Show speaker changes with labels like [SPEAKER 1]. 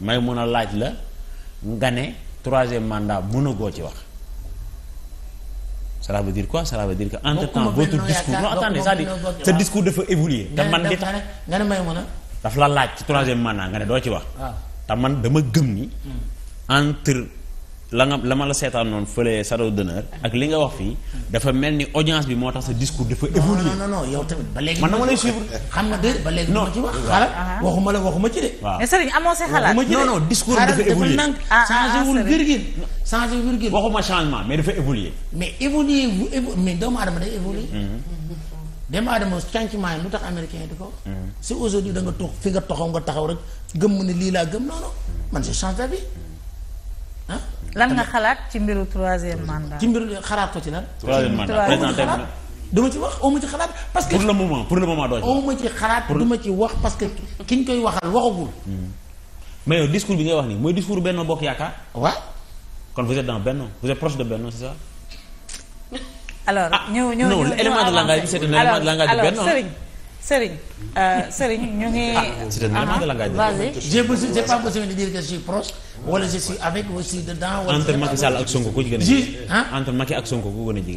[SPEAKER 1] may mun a laaj la nga ne troisième mandat mun a goo ci wax cela veut dire quoi cela veut dire que entre temps votre discours non attendez cest à sa discours dafa évoluer te man di tax nga ne may mun a daf la laaj ci troisième mandat nga ne doo ci wax ah. te man dama gëm ni hmm. entre la nga la ma la seetaan noonu fële saroo d'honneur ak li nga wax fii dafa mel ni audience bi moo tax sa discours dafa évolué. non non non yow tamit ba léegi. man na ma lay suivre xam nga déedéet waxuma la waxuma ci de. waaw mais sëriñ amoo sa xalaat. non non dafa évolué ah, ah, ah, waxuma changement mais dafa évolué. mais évolué mais doomu aadama day évolué. Mm-hmm. doomu aadama changement lu tax américain yi di ko. Mm-hmm. si aujourd'hui da nga toog fi nga taxaw nga taxaw rek gëm ne lii laa gëm non non man j'ai changé d'avis lan nga xalaat ci mbiru troisième mandat. ci mbiru xalaat ko ci lan. troisième mandat duma ci wax awma ci xalaat parce que. pour le moment pour le moment doo ci awma ci xalaat duma ci wax parce que ñu koy waxal waxagul. mais yow discours bi ngay wax nii mooy discours Benno Bokk Yaakaar. waaw. kon vous êtes dans Benno vous êtes proche de Benno c'est ça. alors ah, ñëw ñëw non élément de langage bi c'est un élément de langage Serigne euh, Serigne ñu ngi. Ah, c'est un élément de ah, langage. j'ai j'ai pas besoin de dire que je suis proche. wala je suis avec ou je suis dedans. wala entre Macky Sall ak Sonko ku ci gën a. entre Macky ak Sonko ku gën a jege.